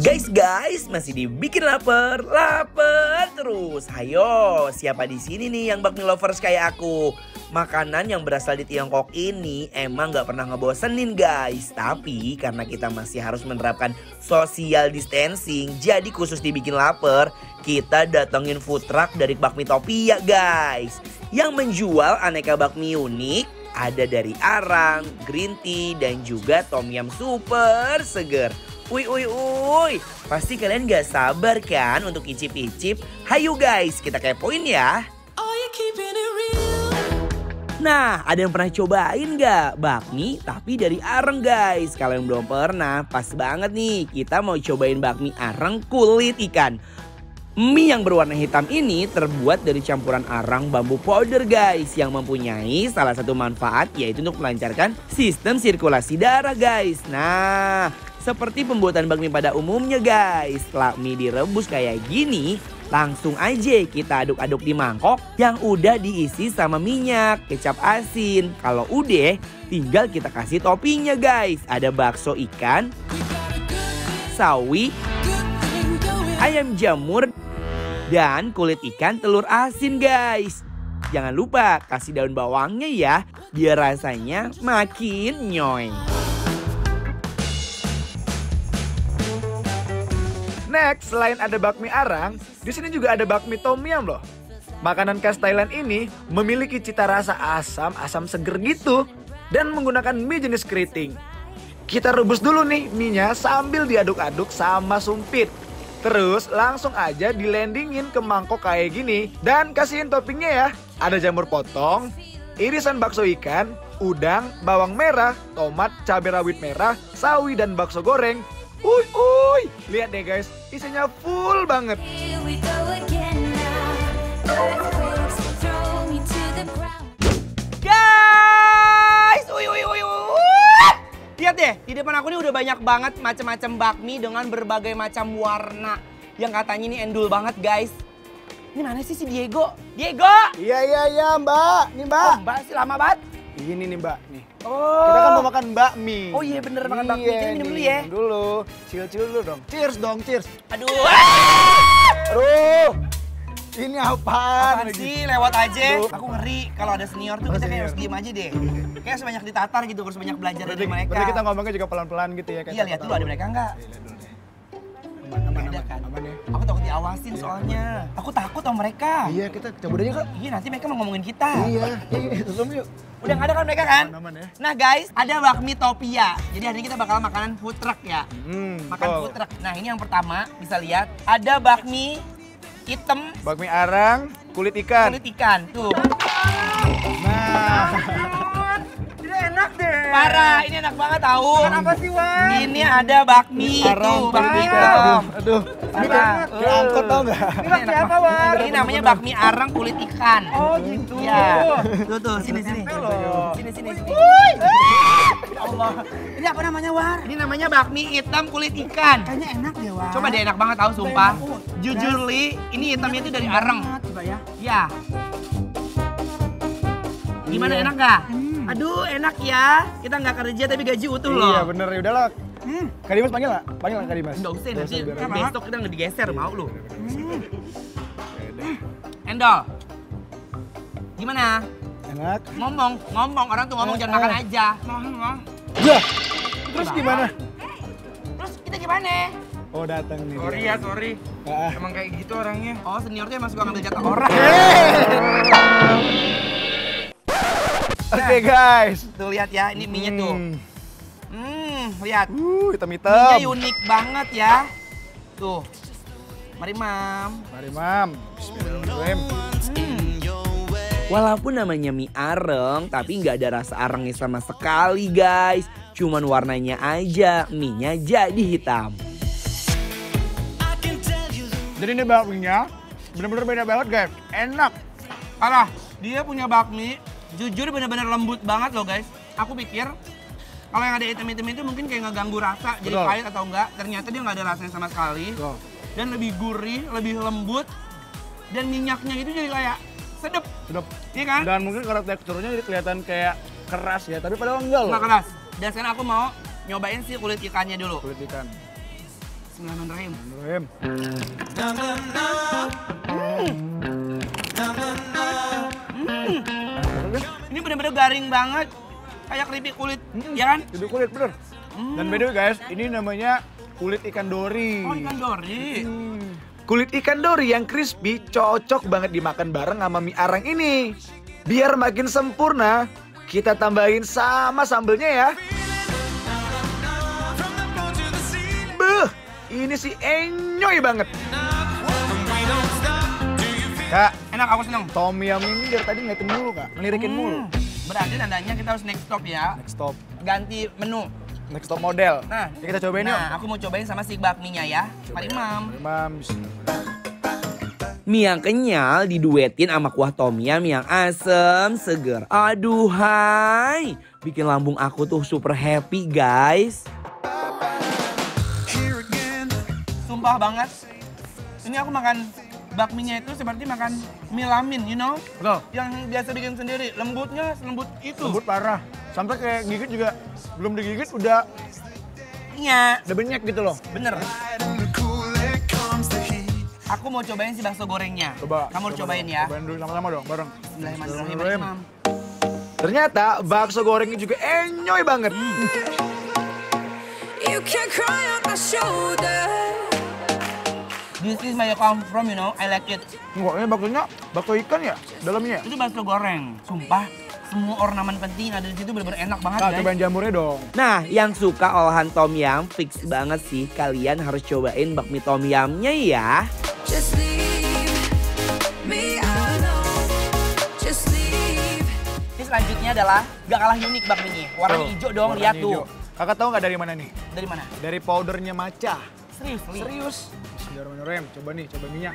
Guys, guys, masih dibikin lapar, lapar terus. Hayo, siapa di sini nih yang bakmi lovers kayak aku? Makanan yang berasal di Tiongkok ini emang gak pernah ngebosenin guys. Tapi karena kita masih harus menerapkan social distancing, jadi khusus dibikin lapar, kita datengin food truck dari Bakmi Topia guys. Yang menjual aneka bakmi unik, ada dari arang, green tea, dan juga tom yum super seger. Ui ui ui, Pasti kalian gak sabar kan untuk icip-icip? Hayu guys, kita kepoin ya. Nah, ada yang pernah cobain gak? Bakmi tapi dari areng guys. Kalau yang belum pernah, pas banget nih. Kita mau cobain bakmi areng kulit ikan. Mie yang berwarna hitam ini terbuat dari campuran arang bambu powder guys yang mempunyai salah satu manfaat yaitu untuk melancarkan sistem sirkulasi darah guys. Nah, seperti pembuatan bakmi pada umumnya guys. Setelah mie direbus kayak gini, langsung aja kita aduk-aduk di mangkok yang udah diisi sama minyak, kecap asin. Kalau udah, tinggal kita kasih toppingnya guys. Ada bakso ikan, sawi, ayam jamur, dan kulit ikan telur asin guys. Jangan lupa kasih daun bawangnya ya, biar rasanya makin nyoy. Next, selain ada bakmi arang, di sini juga ada bakmi tom yum loh. Makanan khas Thailand ini memiliki cita rasa asam, asam seger gitu dan menggunakan mie jenis keriting. Kita rebus dulu nih mie sambil diaduk-aduk sama sumpit. Terus langsung aja dilendingin ke mangkok kayak gini dan kasihin toppingnya ya. Ada jamur potong, irisan bakso ikan, udang, bawang merah, tomat, cabai rawit merah, sawi dan bakso goreng, Uy, uy. Lihat deh guys, isinya full banget. Guys, uy, uy, uy, uy. Lihat deh, di depan aku ini udah banyak banget macam-macam bakmi dengan berbagai macam warna. Yang katanya ini endul banget guys. Ini mana sih si Diego? Diego! Iya, iya, iya mbak. Ini mbak. Oh, mbak sih lama banget. Ini nih mbak, nih. Oh. Kita kan mau makan bakmi. Oh iya bener makan iya, bakmi. Jadi minum dulu iya, ya. dulu. Cil-cil dulu dong. Cheers dong, cheers. Aduh. Aduh. Ini apaan? Apaan sih? Lewat aja. Aduh. Aku ngeri kalau ada senior tuh oh, kita kayak harus diem aja deh. kayak sebanyak ditatar gitu, harus banyak belajar dari mereka. Berarti kita ngomongnya juga pelan-pelan gitu ya. Kayak iya, lihat dulu ada mereka enggak. Iya, lihat dulu aman kan? ya. aku takut diawasin ya, soalnya aman. aku takut sama mereka iya kita coba aja kok iya nanti mereka mau ngomongin kita iya tutup iya, iya, yuk udah nggak ada kan mereka kan aman, aman ya nah guys ada bakmi topia jadi hari ini kita bakal makanan food truck ya hmm, makan oh. food truck nah ini yang pertama bisa lihat ada bakmi hitam bakmi arang kulit ikan kulit ikan tuh nah Parah, ini enak banget tahu. Makan apa sih, Wan? Ini ada bakmi itu, bakmi hitam. Aduh. Parah. Angkot tau Ini bakmi apa, Wan? Ini namanya bakmi arang kulit ikan. Oh, gitu. ya iya. Tuh tuh, sini sini. Gitu, sini sini sini. Ya Allah. Ini apa namanya, War? Ini namanya bakmi hitam kulit ikan. Kayaknya enak deh, ya, War. Coba deh enak banget tahu sumpah. Jujur Li, ini hitamnya itu dari arang. Coba ya. Iya. Gimana enak gak? Iya. Aduh, enak ya. Kita nggak kerja tapi gaji utuh iya, loh. Iya bener, ya udahlah. Hmm. Kak panggil lah, Panggil lah Kak Dimas? Nggak usah, nanti kan besok kita nggak digeser, mau iya, lu. Hmm. Endol, gimana? Enak. Ngomong, ngomong. Orang tuh ngomong, eh, jangan makan eh. aja. Ngomong. Ya, terus gimana? Terus kita gimana? Oh datang nih. Sorry ya, sorry. Ah. Emang kayak gitu orangnya. Oh senior tuh emang suka ngambil jatah orang. Hey. Eh. Oke okay, guys. Tuh lihat ya, ini mie-nya tuh. Hmm, hmm lihat. Uh, hitam-hitam. mie unik banget ya. Tuh. Mari mam. Mari mam. Bismillahirrahmanirrahim. Hmm. Walaupun namanya mie areng, tapi nggak ada rasa arengnya sama sekali guys. Cuman warnanya aja, mie-nya jadi hitam. Jadi ini bakminya bener-bener beda banget guys. Enak. Parah. Dia punya bakmi jujur bener-bener lembut banget loh guys. Aku pikir kalau yang ada item-item itu mungkin kayak ngeganggu rasa, Betul. jadi pahit atau enggak. Ternyata dia nggak ada rasanya sama sekali. Betul. Dan lebih gurih, lebih lembut. Dan minyaknya itu jadi kayak sedep. Sedep. Iya kan? Dan mungkin karena teksturnya jadi kelihatan kayak keras ya, tapi padahal enggak loh. Enggak keras. Dan sekarang aku mau nyobain si kulit ikannya dulu. Kulit ikan. Bismillahirrahmanirrahim. Bismillahirrahmanirrahim. Hmm. udah garing banget kayak keripik kulit, hmm, ya kan? Keripik kulit bener. Hmm. Dan beda guys, ini namanya kulit ikan dori. Oh ikan dori. Hmm. Kulit ikan dori yang crispy cocok banget dimakan bareng sama mie arang ini. Biar makin sempurna, kita tambahin sama sambelnya ya. Beuh, ini sih enyoy banget. Kak, enak aku seneng. Tom yang ini dari tadi ngeliatin mulu kak, ngelirikin hmm. mulu. Mm. Berarti tandanya kita harus next stop ya. Next stop. Ganti menu. Next stop model. Nah, ya kita cobain nah, yuk. Nah, aku mau cobain sama si bakminya ya. Pak Imam. Pak Imam. Mie yang kenyal diduetin sama kuah tom yum yang asem, seger. Aduhai, bikin lambung aku tuh super happy guys. Sumpah banget, ini aku makan bakminya itu seperti makan milamin you know? Betul. Yang biasa bikin sendiri, lembutnya lembut itu. Lembut parah. Sampai kayak gigit juga, belum digigit udah... Iya. Udah banyak gitu loh. Bener. Aku mau cobain si bakso gorengnya. Coba. Kamu coba cobain dong, ya. Cobain dulu sama-sama dong, bareng. Bismillahirrahmanirrahim. Ternyata bakso gorengnya juga enyoy banget. Hmm. You can cry on my shoulder. This is my come from, you know. I like it. Enggak, ini baksonya bakso ikan ya dalamnya? Ya? Itu bakso goreng. Sumpah, semua ornamen penting ada di situ benar-benar enak banget, nah, guys. cobain jamurnya dong. Nah, yang suka olahan tom yum fix banget sih. Kalian harus cobain bakmi tom yumnya ya. Just Ini selanjutnya adalah gak kalah unik bakminya. Warna oh, hijau dong, lihat tuh. Kakak tahu nggak dari mana nih? Dari mana? Dari powdernya maca. Serius? Serius rem, Coba nih, coba minyak.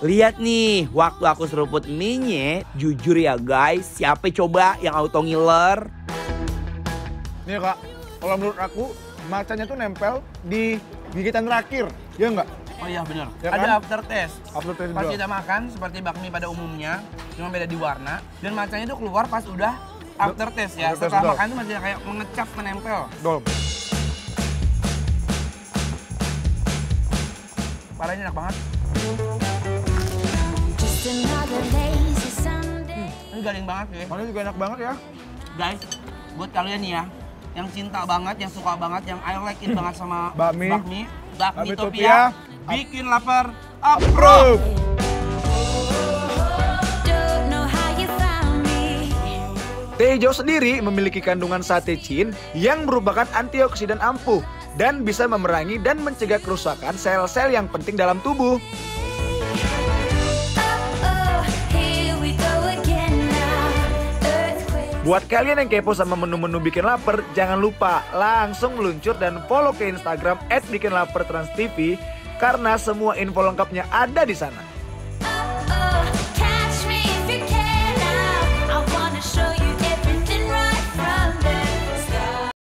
Lihat nih, waktu aku seruput minyak, jujur ya guys, siapa coba yang auto ngiler? Nih kak, kalau menurut aku, macanya tuh nempel di gigitan terakhir, ya enggak? Oh iya bener, Ya kan? test. After test. Pas kita makan seperti bakmi pada umumnya, cuma beda di warna dan macanya tuh keluar pas udah aftertaste ya. Setelah makan itu masih kayak mengecap menempel. Dol. Parahnya enak banget. Hmm, ini garing banget sih. Ya. paranya juga enak banget ya. Guys, buat kalian nih ya, yang cinta banget, yang suka banget, yang I like it banget sama bakmi, bakmi, bakmi topia, bikin lapar, approve! Teh hijau sendiri memiliki kandungan sate cin yang merupakan antioksidan ampuh dan bisa memerangi dan mencegah kerusakan sel-sel yang penting dalam tubuh. Buat kalian yang kepo sama menu-menu bikin lapar, jangan lupa langsung meluncur dan follow ke Instagram @bikinlapertransTV karena semua info lengkapnya ada di sana.